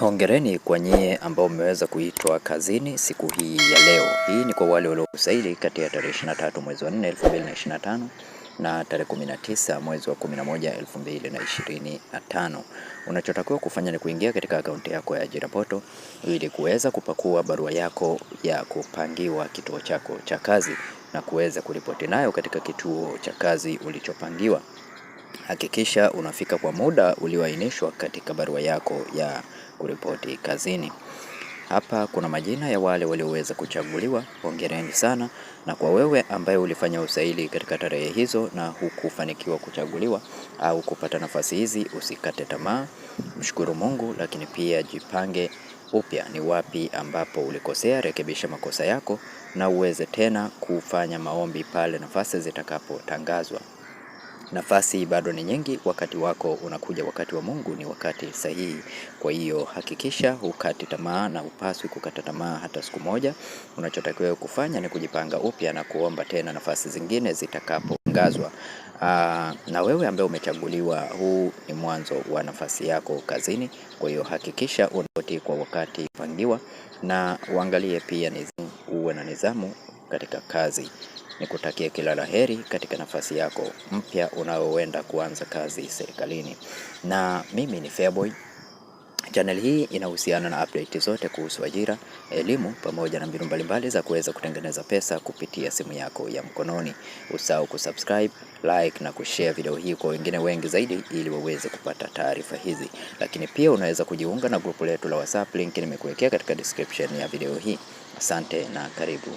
Hongereni kwa nyie ambao mmeweza kuitwa kazini siku hii ya leo. Hii ni kwa wale waliosaili kati ya tarehe 23 mwezi wa 4 2025 na tarehe 19 mwezi wa 11 2025. Unachotakiwa kufanya ni kuingia katika akaunti yako ya Ajira poto ili kuweza kupakua barua yako ya kupangiwa kituo chako cha kazi na kuweza kuripoti nayo katika kituo cha kazi ulichopangiwa hakikisha unafika kwa muda ulioainishwa katika barua yako ya kuripoti kazini. Hapa kuna majina ya wale walioweza kuchaguliwa. Hongereni sana, na kwa wewe ambaye ulifanya usaili katika tarehe hizo na hukufanikiwa kuchaguliwa au kupata nafasi hizi, usikate tamaa, mshukuru Mungu, lakini pia jipange upya. Ni wapi ambapo ulikosea? Rekebisha makosa yako na uweze tena kufanya maombi pale nafasi zitakapotangazwa nafasi bado ni nyingi, wakati wako unakuja, wakati wa Mungu ni wakati sahihi. Kwa hiyo hakikisha hukati tamaa na upaswi kukata tamaa hata siku moja. Unachotakiwa kufanya ni kujipanga upya na kuomba tena nafasi zingine zitakapotangazwa. Aa, ah, na wewe ambaye umechaguliwa, huu ni mwanzo wa nafasi yako kazini. Kwa hiyo hakikisha unapoti kwa wakati pangiwa, na uangalie pia nizamu, uwe na nidhamu katika kazi. Nikutakie kila la heri katika nafasi yako mpya unaoenda kuanza kazi serikalini. Na mimi ni Feaboy. Channel hii inahusiana na update zote kuhusu ajira, elimu pamoja na mbinu mbalimbali za kuweza kutengeneza pesa kupitia simu yako ya mkononi. Usahau kusubscribe, like na kushare video hii kwa wengine wengi zaidi ili waweze kupata taarifa hizi. Lakini pia unaweza kujiunga na grupu letu la WhatsApp, link nimekuwekea katika description ya video hii. Asante na karibu.